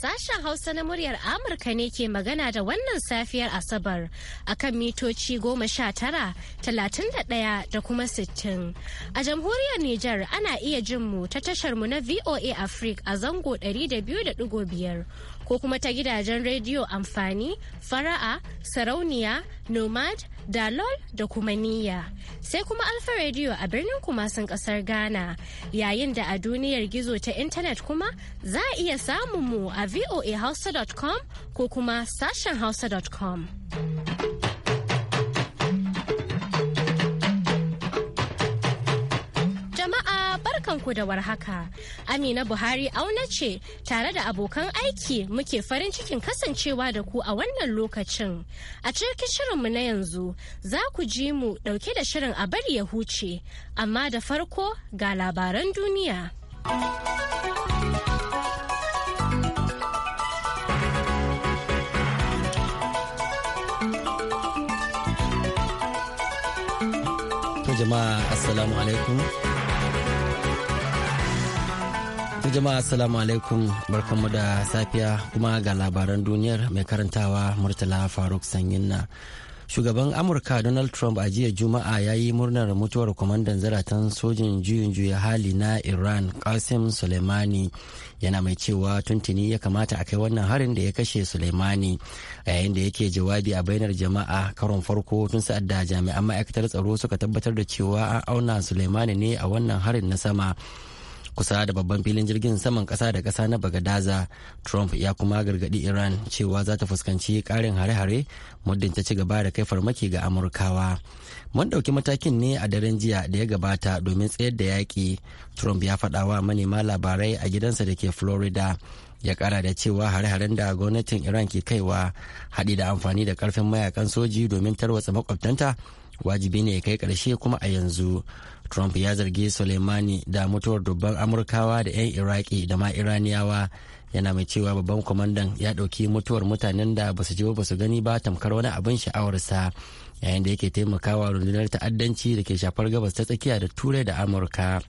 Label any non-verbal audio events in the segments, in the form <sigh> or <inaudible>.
Sashen Hausa na muryar Amurka ne ke magana da wannan safiyar Asabar a kan mitoci goma sha tara, talatin da ɗaya da kuma sittin. A jamhuriyar Nijar ana iya jin mu ta tashar mu na VOA Africa a zango ɗari da da Ko kuma ta gidajen rediyo amfani, fara'a, sarauniya, nomad, dalol da kuma niyya sai kuma alfa radio a birnin kumasin kasar ghana yayin da a duniyar gizo ta intanet kuma za a iya samun mu a voahausa.com ko kuma sashen hausa.com ku da warhaka. Amina Buhari auna ce tare da abokan aiki muke farin cikin kasancewa da ku a wannan lokacin. A cikin shirinmu na yanzu za ku ji mu dauke da shirin a bari ya huce, amma da farko ga labaran duniya. jama'a assalamu alaikum jama'a assalamu alaikum barkanmu da safiya kuma ga labaran duniyar mai karantawa murtala faruk sanyinna shugaban amurka donald trump a jiya juma'a ya yi murnar mutuwar kwamandan zaratan sojin juyin juya hali na iran qasim soleimani yana mai cewa tuntuni ya kamata a kai wannan harin da ya kashe soleimani a yayin da yake jawabi a bainar jama'a karon farko tun sa'ad da jami'an ma'aikatar tsaro suka tabbatar da cewa an auna soleimani ne a wannan harin na sama kusa da babban filin jirgin saman kasa da kasa na bagadaza trump ya kuma gargadi iran cewa za ta fuskanci karin hare-hare muddin ta ci gaba da kai farmaki ga amurkawa mun ɗauki matakin ne a daren jiya da ya gabata domin tsayar da yaƙi trump ya faɗa wa manema labarai a gidansa da ke florida ya kara da cewa hare-haren da gwamnatin iran ke kaiwa haɗi da amfani da karfin mayakan soji domin tarwatsa makwabtanta wajibi ne ya kai ƙarshe kuma a yanzu trump ya zargi soleimani da mutuwar dubban amurkawa da 'yan iraki da ma iraniyawa yana mai cewa babban kwamandan ya ɗauki mutuwar mutanen da ba su je ba su gani ba tamkar wani abin sha'awarsa yayin da yake taimakawa rundunar ta'addanci da ke shafar gabas ta tsakiya da turai da amurka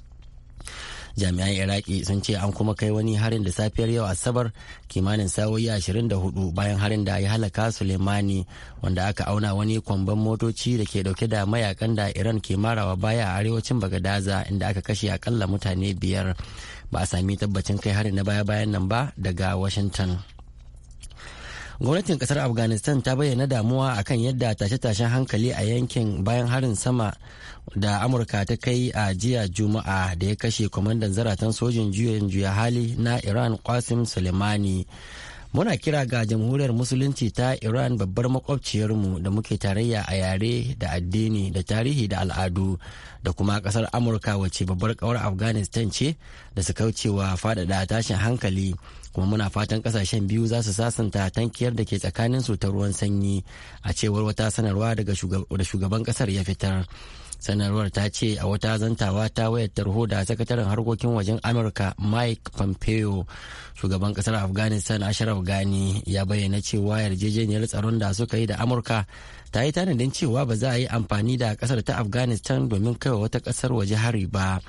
jami'an iraki sun ce an kuma kai wani harin da safiyar yau asabar kimanin ashirin da hudu bayan harin da ya halaka sulemani wanda aka auna wani kwamban motoci da ke dauke da mayakan da iran ke marawa baya a arewacin bagadaza inda aka kashe akalla mutane biyar ba a sami tabbacin kai harin na baya-bayan nan ba daga washington gwamnatin kasar afghanistan ta bayyana damuwa akan yadda tashe-tashen hankali a yankin bayan harin sama da amurka ta kai a jiya juma'a da ya kashe kwamandan zaratan sojin juyin juya hali na iran qasim soleimani muna kira ga jamhuriyar musulunci ta iran babbar makwabciyarmu da muke tarayya a yare da addini da tarihi da al'adu da kuma kasar amurka wacce babbar kawar afghanistan ce da su kaucewa faɗaɗa tashin hankali kuma muna fatan kasashen biyu za su sasanta tankiyar da ke tsakanin su ta ruwan sanyi a cewar wata sanarwa daga shugaban kasar ya fitar sanarwar ta ce a wata zantawa ta wayar tarho da sakataren harkokin wajen amurka mike pompeo shugaban kasar afghanistan ashraf ghani ya bayyana cewa yarjejeniyar tsaron da suka yi da amurka ta yi tanadin cewa ba za a yi amfani da kasar ta afghanistan domin kaiwa wata kasar waje hari ba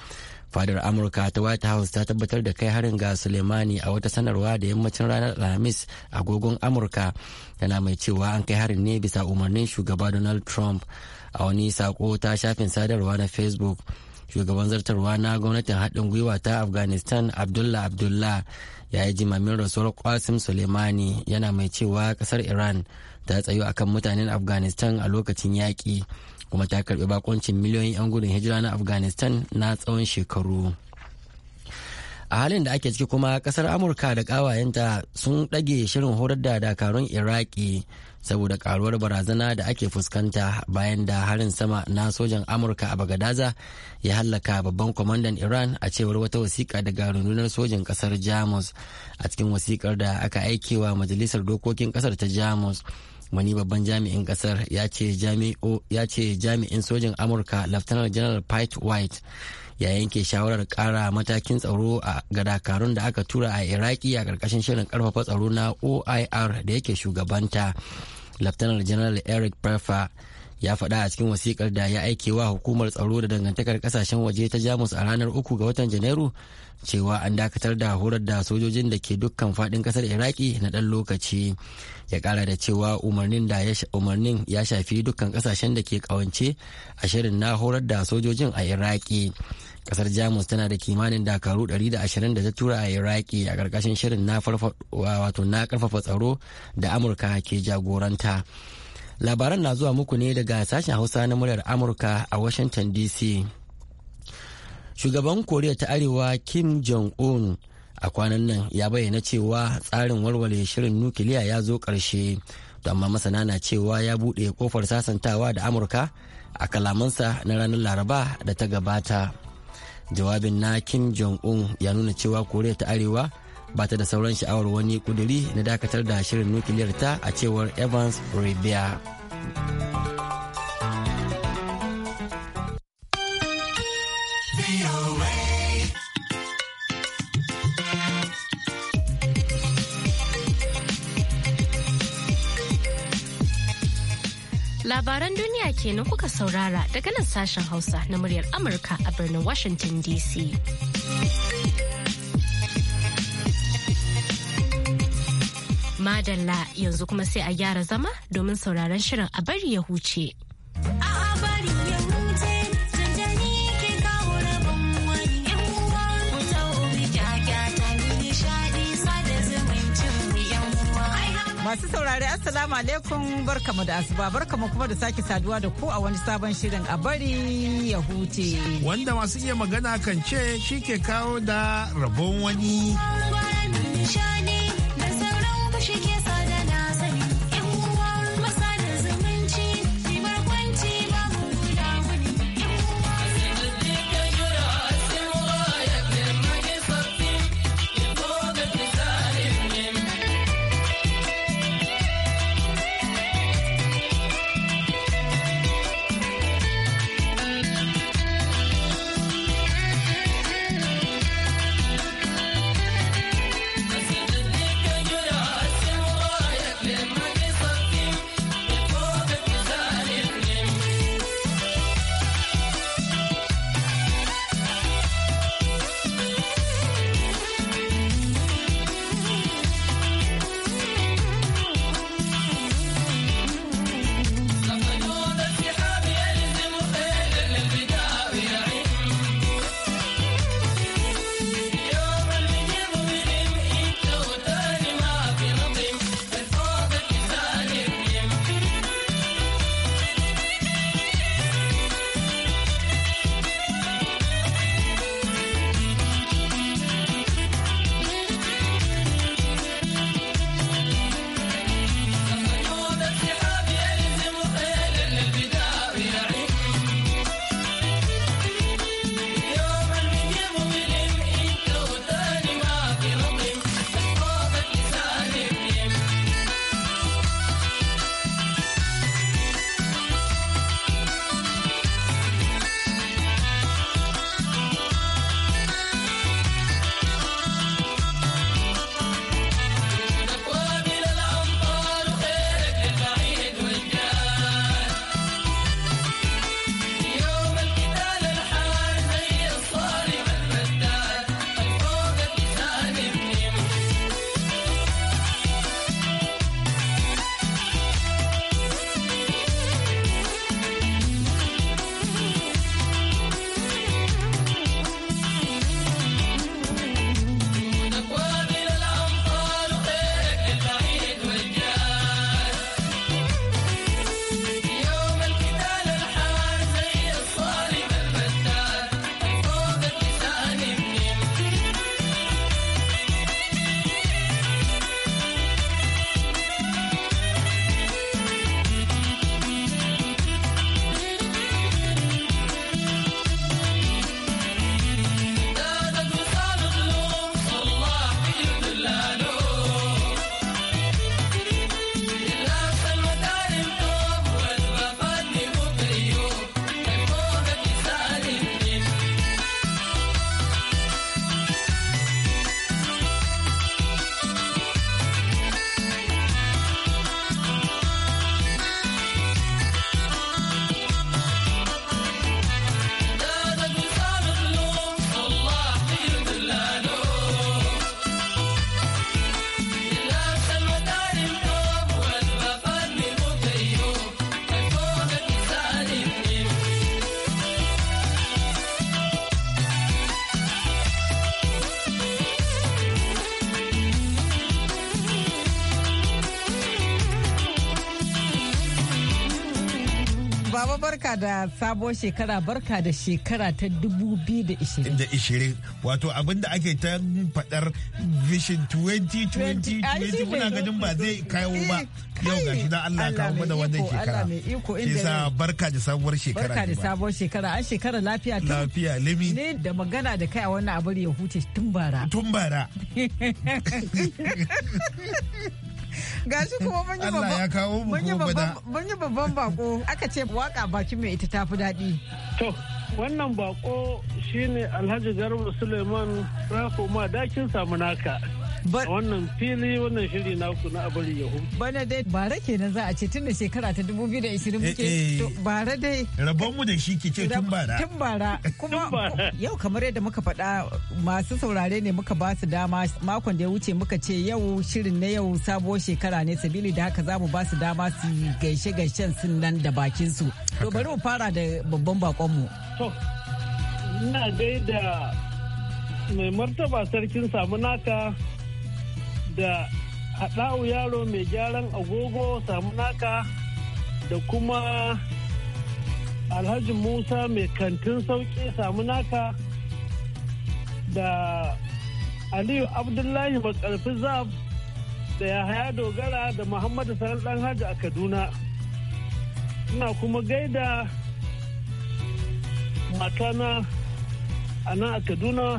fadar amurka ta white house ta tabbatar da kai harin ga suleimani a wata sanarwa da yammacin ranar alhamis agogon amurka tana mai cewa an kai harin ne bisa umarnin shugaba donald trump a wani sako ta shafin sadarwa na facebook shugaban zartarwa na gwamnatin haɗin gwiwa ta afghanistan abdullah abdullah ya yi jimamin rasuwar kwasim suleimani yana mai cewa kasar iran ta tsayo akan mutanen afghanistan a lokacin yaƙi kuma ta karbi bakoncin miliyoyin 'yan gudun hijira na afghanistan na tsawon shekaru a halin da ake ciki kuma kasar amurka da kawayenta sun ɗage shirin horar da dakarun iraki saboda karuwar barazana da ake fuskanta bayan da harin sama na sojan amurka a bagadaza ya hallaka babban kwamandan iran a cewar wata wasiƙa daga rundunar sojan ƙasar jamus a cikin wasiƙar da aka aikewa majalisar dokokin ƙasar ta jamus wani babban jami'in kasar ya ce jami'in sojin amurka lieutenant general pite white ya yanke shawarar kara matakin tsaro ga dakarun da aka tura a iraki a karkashin shirin karfafa tsaro na oir da yake shugabanta lieutenant general eric Prefer ya faɗa a cikin wasikar da ya aike wa hukumar tsaro da dangantakar ƙasashen waje ta jamus a ranar uku ga watan janairu cewa an dakatar da horar da sojojin da ke dukkan faɗin ƙasar iraki na ɗan lokaci ya ƙara da cewa umarnin da umarnin ya shafi dukkan ƙasashen da ke ƙawance a shirin na horar da sojojin a iraki ƙasar jamus tana da kimanin dakaru 120 da ta tura a iraki a ƙarƙashin shirin na karfafa tsaro da amurka ke jagoranta labaran na zuwa muku ne daga sashen hausa na muryar amurka a washington dc shugaban koriya ta arewa kim jong-un a kwanan nan ya bayyana cewa tsarin warware shirin nukiliya ya zo ƙarshe to amma masana na cewa ya buɗe kofar sasantawa da amurka a kalamansa na ranar laraba da ta gabata jawabin na kim jong-un ya nuna cewa koriya ta arewa ba ta da sauran sha'awar wani kuduri na dakatar da shirin nukiliyar ta a cewar evans rabia Labaran duniya kenan kuka saurara daga nan sashen Hausa na muryar Amurka a birnin Washington DC. Madalla yanzu kuma sai a gyara zama domin sauraron shirin a bari ya huce. Masu saurari Assalamu alaikum barkamu da asuba barkamu kuma da sake saduwa da ku a wani sabon shirin a bari ya huce. Wanda masu iya magana kan ce shi ke kawo da rabon wani. Baba barka da sabo shekara barka da shekara ta 2020. Wato abinda ake ta fadar Vision 2020 muna ganin ba zai kawo ba. Yau ga shi na Allah kawo mana wannan shekara. Ke sa barka da sabuwar shekara. Barka da sabuwar shekara. An shekara lafiya tun. Lafiya limi. Ne da magana da kai a wannan abu ya huce tun bara. Tun bara. <laughs> gashi kuma mun yi babban ya kawo mun babban bako aka ce waka baki mai ita tafi daɗi to wannan bako shine Alhaji Garba Suleiman Rafo ma dakin samu wannan fili wannan shiri na ku na abari yahu bana dai bara kenan za a ce tun da shekara ta 2020 eh, muke eh. bara dai rabon mu da shi ke ce tun bara tun bara kuma yau kamar yadda muka faɗa masu saurare ne muka ba su dama makon da ya wuce muka ce yau shirin na yau sabuwar shekara ne sabili da haka za mu ba su dama su gaishe gaishen sun nan da bakin su to bari mu fara da babban bakon mu to ina gaida mai martaba sarkin samunaka da haɗa'u yaro mai gyaran agogo samu naka da kuma alhaji musa mai kantin sauƙi samu naka da aliyu abdullahi makarfi zab da yahaya dogara da muhammadu sanar dan hajji a kaduna ina kuma gaida matana a nan a kaduna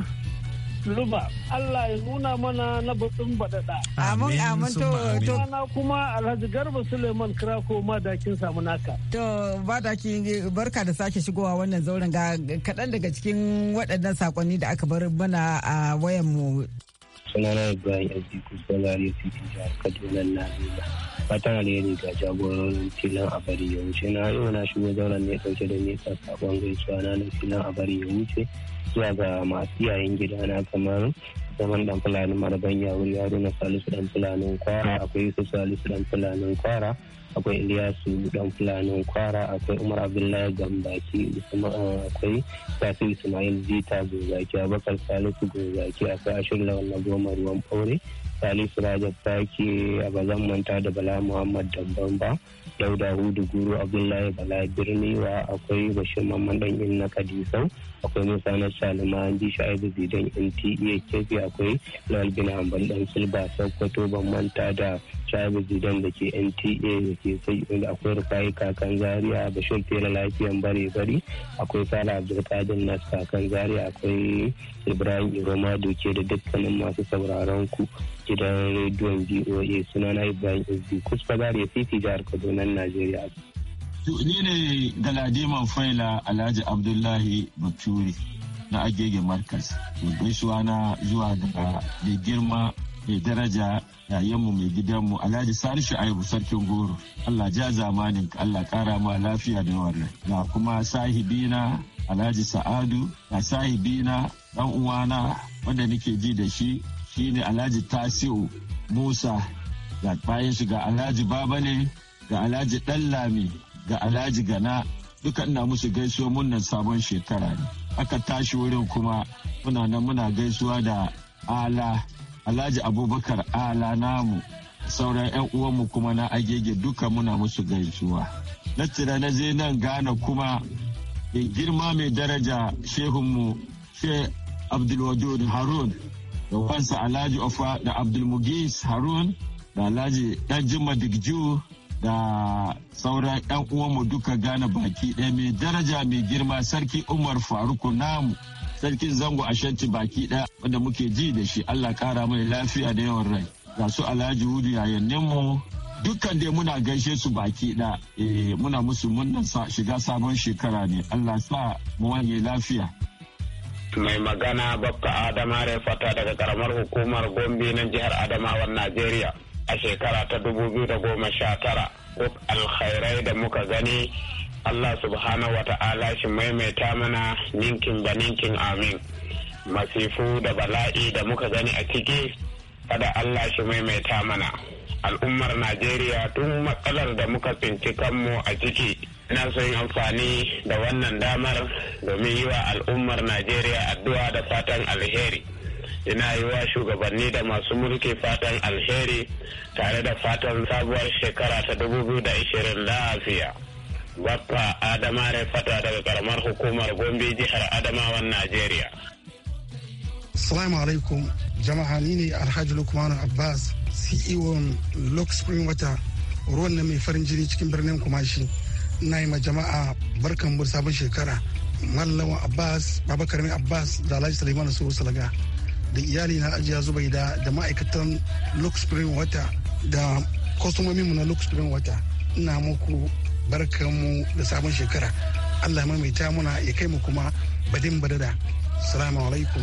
luba Allah ya nuna mana na baɗin baɗaɗa. Amin amin to to. Ana kuma Alhaji Garba Suleiman Krako madakin samu naka. To madaki barka da sake shigowa wannan zauren ga kaɗan daga cikin waɗannan sakonni da aka bar mana a wayanmu. sunana ibrahim aziku zanariya city jihar kaduna najeriya fatan alheri ga jagororin filin a bari ya wuce na yau na shigo zauren ne dauke da nesa sakon gaisuwa na na filin a bari ya wuce zuwa ga masu gida na kamar zaman ɗan fulani maraban wuri haruna salisu ɗan fulanin kwara akwai yusuf salisu ɗan fulanin kwara akwai iliyasu dan fulanin kwara akwai umar abdullahi gambaki eh, akwai safi ismail zita gozaki abakar salisu gozaki akwai ashir lawan na goma ruwan ɓaure salisu rajab sake a bazan manta da bala muhammad dambamba dauda hudu guru abdullahi bala birni wa akwai bashir mamman dan na kadisau akwai musa na salima ji sha'ibu zidan nta e kefi akwai lawal bin hanbal dan silba sokoto ban manta da sabis idan da ke nta da ke sai inda akwai rufayi kakan zaria shan fela lafiyan bare bari akwai sala abdulkadir nas kakan zariya akwai ibrahim iroma doke da dukkanin masu sauraron ku gidan rediyon voa sunana ibrahim sd kusfa zaria fifi jihar kaduna najeriya ni ne galadiman faila alhaji abdullahi baturi na agege markas gaisuwa na zuwa daga da girma mai daraja mu mai gidanmu alhaji sani shu'aibu sarkin goro allah ja zamanin allah kara ma lafiya da wannan na kuma sahibina alhaji sa'adu na sahibina dan uwana wanda nake ji da shi shine alhaji tasiu musa ga bayan shi ga alhaji baba ne ga alhaji ɗanlami ga alhaji gana duka ina musu gaisuwa munnan sabon shekara ne aka tashi wurin kuma muna nan muna gaisuwa da ala alhaji abubakar ala namu sauran 'yan uwanmu kuma na agege duka muna musu gaisuwa na tira na je nan gana kuma in girma mai daraja shehunmu she abdulwadud harun da wansa alhaji ofa da abdulmugis harun da alhaji dan jimma digju da sauran 'yan uwanmu duka gane baki ɗaya mai daraja mai girma sarki umar faruku namu sarkin zango a shanti baki daya wanda muke ji da shi Allah kara mai lafiya da yawan rai ga su alhaji hudu yayannin mu dukkan dai muna gaishe su baki da eh, muna musu munnan shiga sabon shekara ne Allah sa mu wani lafiya mai magana babka adama fata daga karamar hukumar gombe na jihar adamawan najeriya a shekara ta 2019 ko alkhairai da muka gani Allah subhanahu wa ta'ala shi maimaita mana ninkin ba ninkin amin masifu da bala'i da muka gani a ciki kada Allah shi maimaita mana al'ummar Najeriya tun matsalar da muka tsinci kanmu a ciki ina son amfani da wannan damar domin yi wa al'ummar Najeriya addu'a da fatan alheri ina yi wa shugabanni da masu mulki fatan alheri tare da fatan sabuwar shekara ta 2020 lafiya. Baffa Adamare Fata daga karamar hukumar Gombe jihar Adamawan Najeriya. Salamu alaikum jama'a ni ne Alhaji Lukman Abbas CEO Lok Spring Water ruwan na mai farin jini cikin birnin Kumashi. Na yi ma jama'a barkan mu sabon shekara. mallama Abbas, Baba Karmi Abbas da Alhaji Suleiman su Salaga da iyali na Ajiya Zubaida da ma'aikatan Lok Spring Water da mu na Lok Spring Water. Ina muku barkanmu da sabon shekara allah mamaita muna ya kai mu kuma badin badada salamu alaikum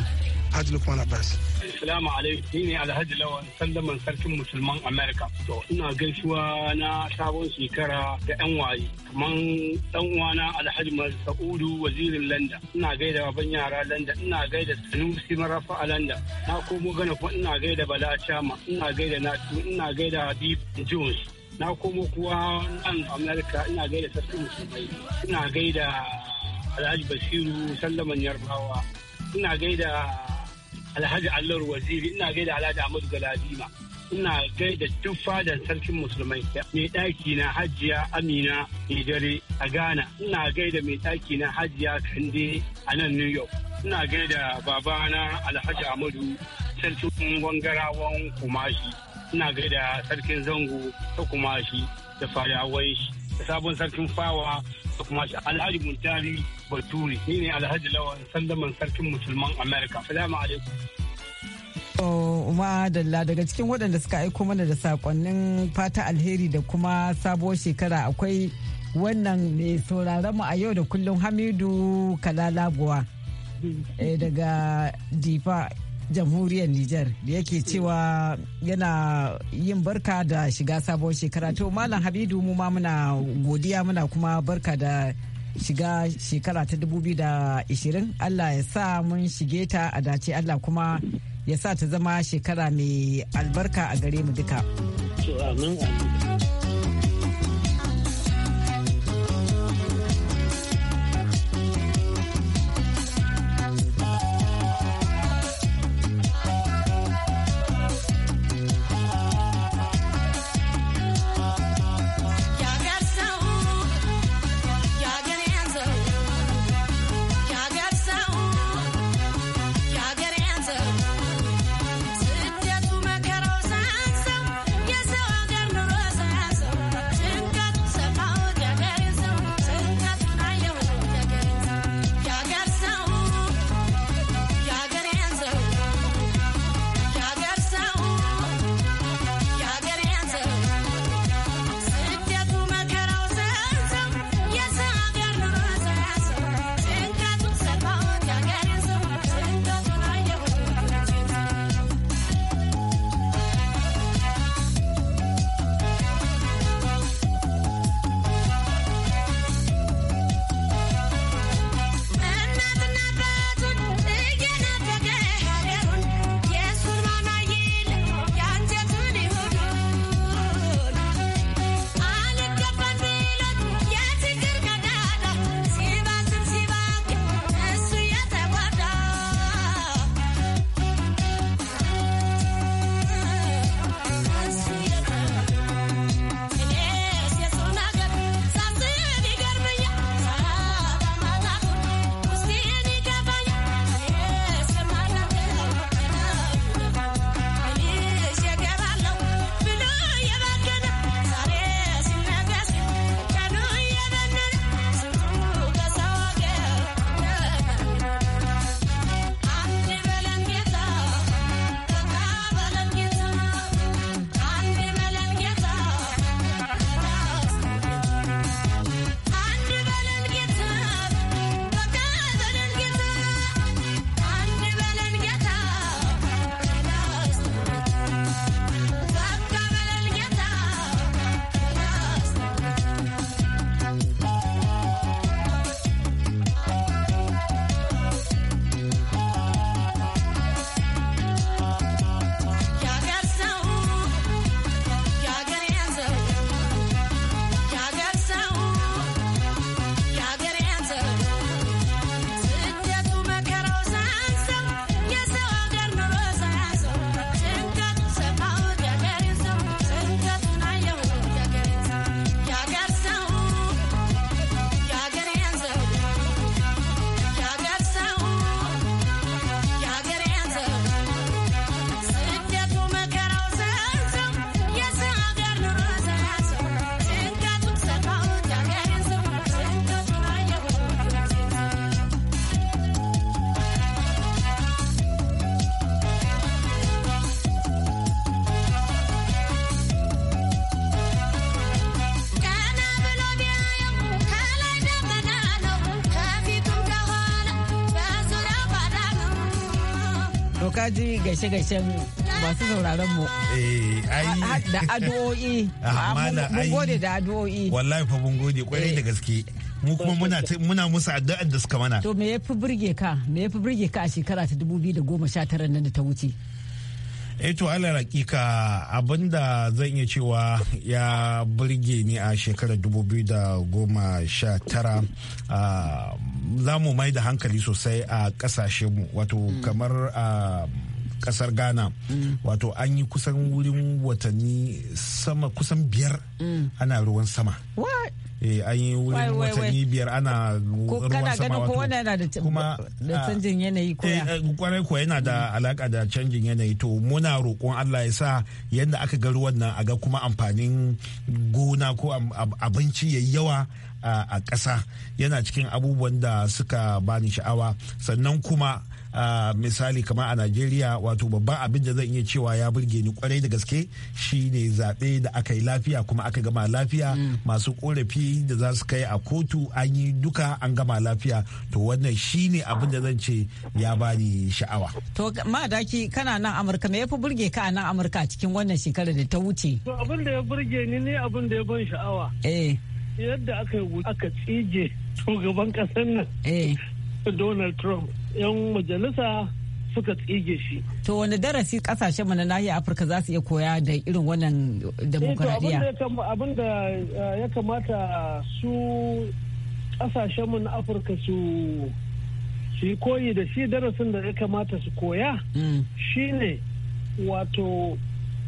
hajji lukman abbas Assalamu alaikum ni ne Alhaji Lawan Sallaman Sarkin Musulman Amerika. To ina gaisuwa na sabon shekara da yan waye kaman dan uwana Alhaji Masaudu wazirin Landa. Ina gaida baban yara Landa, ina gaida Sanusi Marafa a Landa. Na komo gana kuma ina gaida Bala Chama, ina gaida Natu, ina gaida Habib Jones. na komo kuwa nan amerika ina gaida sarki musulmai ina gaida alhaji basiru sallaman yarbawa ina gaida alhaji Allar waziri ina gaida alhaji ahmadu galadima ina gaida duk fadar sarkin musulmai mai ɗaki na hajiya amina dare a ghana ina gaida mai ɗaki na hajiya kande a nan new york ina gaida babana alhaji amadu sarkin wangarawan kumashi ina gaida sarkin zango ta kuma shi da fadawan shi da sabon sarkin fawa da kuma shi alhaji muntari baturi ni ne alhaji lawan sallaman sarkin musulman america salamu alaikum madalla daga cikin waɗanda suka aiko mana da sakonnin fata alheri da kuma sabuwar shekara akwai wannan mai sauraron mu a yau da kullum hamidu kalalabuwa mm. eh, daga difa jamhuriyar Nijar da yake cewa yana yin barka da shiga sabuwar shekara. To Malam Habidu mu ma muna godiya muna kuma barka da shiga shekara ta 2020 Allah ya sa mun shige ta a dace Allah kuma ya sa ta zama shekara mai albarka a gare mu duka. ji gaishe gaishe masu sauraron mu. Eh, ai. Da addu'o'i. <laughs> Ah, ah, mun gode da addu'o'i. Wallahi fa mun gode kwarai da eh. gaske. Mu kuma muna muna musu addu'ar da suka mana. To me yafi burge ka? Me yafi burge ka a shekara ta 2019 nan da ta wuce? eh to ala rakika abinda zan iya cewa ya burge ni a shekarar 2019 a za mu mai da hankali sosai a mu wato mm. kamar a kasar ghana mm. wato an yi kusan wurin watanni sama kusan biyar mm. ana ruwan sama eh, an yi wurin watanni biyar ana ruwan sama wato kuma da canjin yanayi koya eh, eh, kwarai kuwa yana da alaka da canjin yanayi to muna roƙon Allah ya sa yadda aka ga ruwan nan a ga kuma amfanin gona ko abinci yayi yawa a ƙasa yana cikin abubuwan da suka bani sha'awa sannan kuma Uh, misali kamar a Najeriya wato babban abin da zan iya cewa ya burge ni kwarai da gaske shine zaɓe da aka yi lafiya kuma aka gama lafiya mm. masu korafi da za su kai a kotu an yi duka an gama lafiya to wannan shine abin da zan ce ya bani sha'awa. To madaki kana nan Amurka me yafi burge ka a nan Amurka cikin wannan shekarar da ta wuce? To da ya burge ni ne da ya ban sha'awa. Eh. yadda aka yi aka tsige shugaban ƙasar nan eh. donald trump yan majalisa suka tsige shi to wani darasi kasashen mu na nahiyar afirka za su iya koya da irin wannan demokuraɗiyya eh, abin da ya eh, kamata su kasashen mu na afirka su su koyi da shi darasin da ya kamata su koya mm. shine wato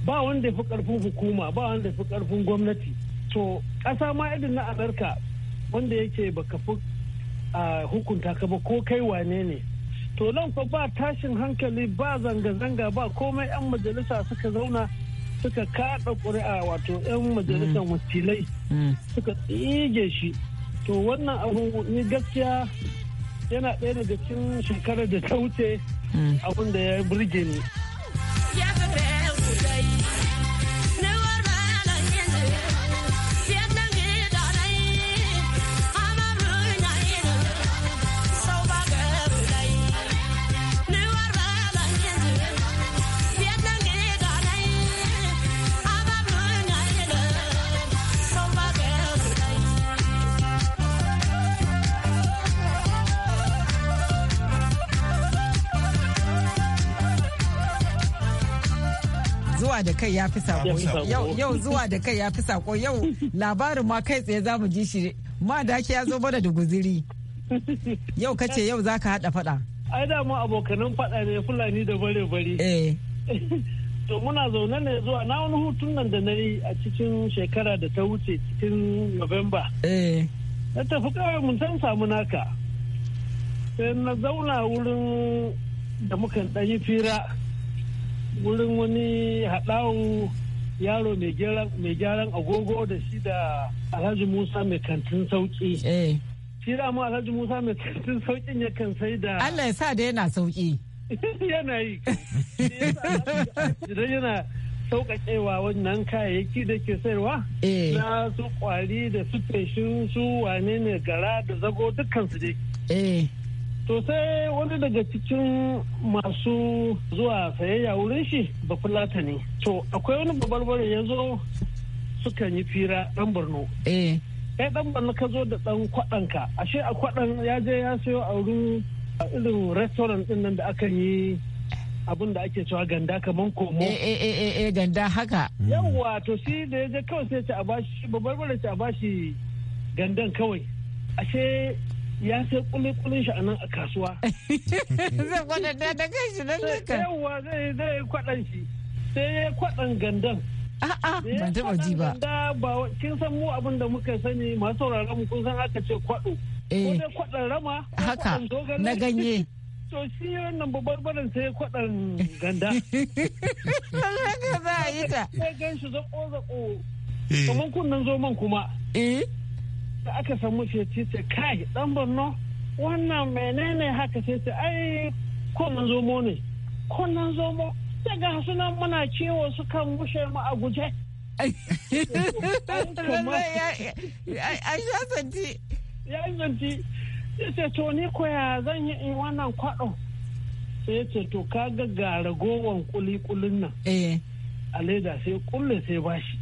ba wanda ya fi karfin hukuma ba wanda ya fi karfin gwamnati to ƙasa ma irin na amurka wanda yake baka fi hukunta ka ba ko kai wane ne to nan fa ba tashin hankali ba zanga-zanga ba komai 'yan majalisa suka zauna suka kaɗa ƙuri'a wato 'yan majalisar mm. wakilai mm. suka tsige shi to wannan abu ni gaskiya yana ɗaya daga cikin shekarar da ta wuce mm. abin da ya burge ni. da kai ya fi sako yau zuwa da kai ya fi sako yau labarin ma kai tsaye za mu ji shi ma da ya zo mana da guziri yau kace yau za ka haɗa faɗa. ai da mu abokanan faɗa ne fulani da bare bare eh. <laughs> to muna zaune ne zuwa na wani hutun nan da na a cikin shekara da ta wuce cikin novemba eh. na tafi kawai mun san samu naka sai na zauna wurin da muka ɗanyi fira wurin wani haɗawu yaro mai gyaran agogo da shi da alhaji musa mai kantin sauki eh. shi da mu alhaji musa mai kantin saukin ya kan sai da allah ya sa da yana sauki <laughs> yana yi idan yana sauƙaƙewa wannan kayayyaki da ke sayarwa eh. na su kwari da su feshin su wane ne gara da zago dukkan su dai eh. To sai wani daga cikin masu zuwa sayayya wurin shi ba fulata ne. To akwai wani babarbare ya zo suka yi fira ɗan Borno. Eh. ɗan Borno ka zo da ɗan kwaɗanka. Ashe a kwaɗan ya je ya sayo a wurin irin restaurant ɗin nan da aka yi abin da ake cewa ganda kamar komo. Eh, eh eh eh eh ganda haka. Mm. Yawwa to shi da ya je kawai sai ce a bashi babbar bare ce a bashi gandan kawai. Ashe ya sai kulikulin shi a nan a kasuwa. <laughs> Zai kwadanta da kai shi nan duka. Yawwa zai zai kwadan shi sai ya kwadan gandan. A'a ban taɓa ji ba. Da ba kin san mu abin da muka sani masu sauraron mu kun san aka ce kwado. Eh. Ko kwadan rama. Haka na ganye. <laughs> to shi wannan babbar barin sai kwaɗan ganda. <laughs> ka za a yi ta. Sai gan shi zaƙo zaƙo. Eh. Kamar kunnan man kuma. Eh. da aka san mace ce ce kai dan borno wannan menene haka sai ce ai kunan zomo ne kunan zomo daga nan muna ciwo su kan gushe mu a guje <laughs> ai ya ni yi in wannan kwaɗo sai ya ce to ka ga gara gowan kuli kulin nan eh. a leda sai kulle sai bashi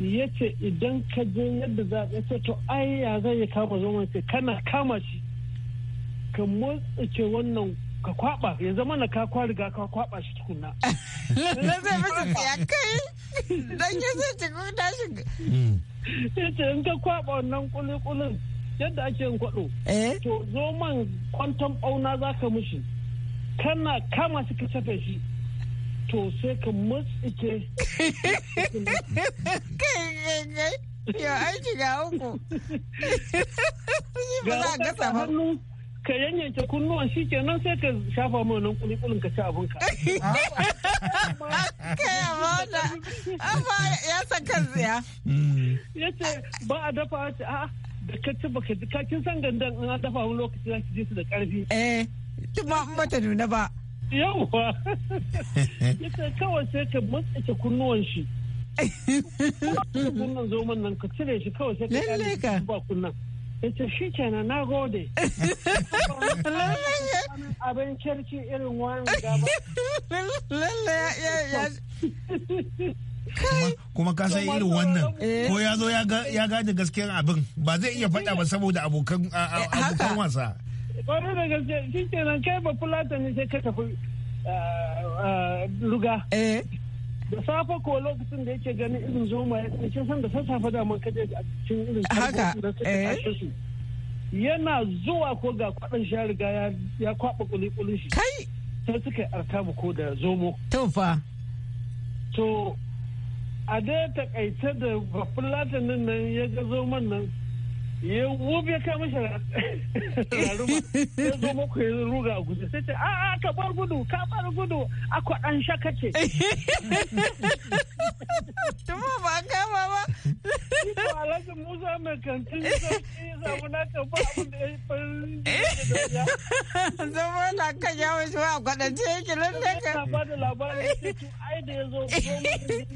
ya ce idan ka je yadda za a ce to ai ya zai ya kama zoma ce kana kama shi ka motsa ce wannan ka kwaba ya zama na ka kwa riga ka kwaba shi tukuna. Na <laughs> zai masa tsaya kai dan ya zai cikin tashi. Ya ce in ka kwaba wannan kulikulin yadda ake yin kwaɗo. Eh? To zoman kwanton bauna za ka mushi. Kana kama shi ka shafe shi. to sai ka matsike ya aiki ga uku ba za a gasa ba ka yanyanke kunnuwan shi kenan sai ka shafa mai nan kulikulin ka ci abinka. Kaya mana, amma ya san kan tsiya. Ya ce ba a dafa a ce a da ka ci baka ji kakin san gandan in an dafa wani lokaci za ki ji su da ƙarfi. Eh, tuma in bata nuna ba. yawwa yace kawai sai ka matsace kunnuwan shi kunnan zoman nan ka cire shi kawai sai ka kyale ba kunnan yace shi kenan na gode <laughs> abin kirki irin wannan gaba lalle ya ya kuma ka san irin wannan ko ya zo ya gane gaskiyar abin ba zai iya faɗa ba saboda abokan eh, wasa kwarar da gaske shi kenan kai ba fulata ne sai ka tafi eh, eh, luga eh. da safe ko lokacin da yake ganin irin zoma ya kin san da sassafe da man kaje a cikin irin haka yana zuwa ko ga kwaɗin sha riga ya kwaɓa kulikulin shi kai sai suka arkabu ko da zomo to fa to a dai takaice da bafin latinin nan ya ga zoman nan ya wube ka mashi <laughs> raruma <laughs> ya zo muku ya ruga a guji sai ce a a ka bar gudu ka bar gudu a kwaɗan shaka ce <laughs> tuma ba kama ba alhaji musa mai kantin sauki Eh? <laughs> zama na kan yawon a yake nan da ka ba da labarin ai da ya zo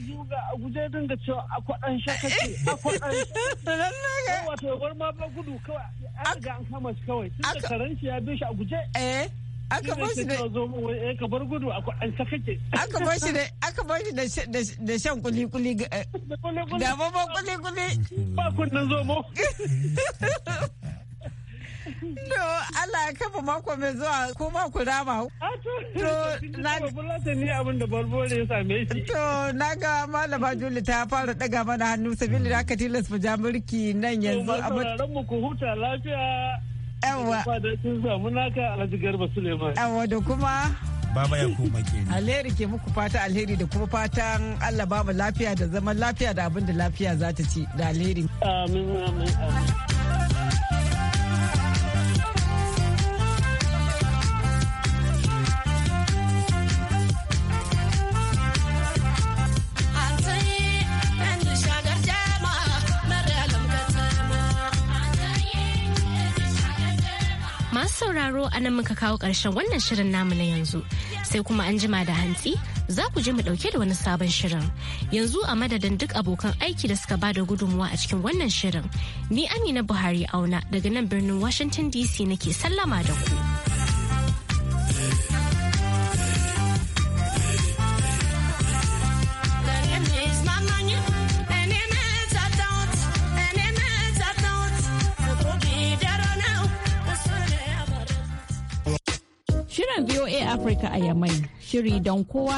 juga <laughs> a guje cewa a a <laughs> wato ma ba gudu kawai an kama shi kawai tun da karen shi ya bi shi a guje eh? aka bar shi da aka eh, bar gudu an sakake aka bar shi da aka bar shi da shan kuli kuli eh, da baba kuli kuli ba kunnan zomo <laughs> No, Allah ya kafa mako mai zuwa ko mako rama. To na ga ni abin da barbore ya same shi. To na ga malama Juli ta fara daga mana hannu sabili da aka tilasta jamurki nan yanzu. Ko ba mu ku huta lafiya. Yawwa. naka da kuma. Baba ya koma ke. Alheri ke muku fata alheri da kuma fatan Allah babu lafiya da zaman lafiya da abin da lafiya za ta ci da alheri. Amin amin amin. sauraro a nan muka kawo ƙarshen wannan shirin namu na yanzu sai kuma an jima da hantsi za ku je mu ɗauke da wani sabon shirin yanzu a madadin duk abokan aiki da suka bada gudunmuwa a cikin wannan shirin ni amina buhari auna daga nan birnin washington dc nake sallama da ku. Afirka a Yamai. Shiri don kowa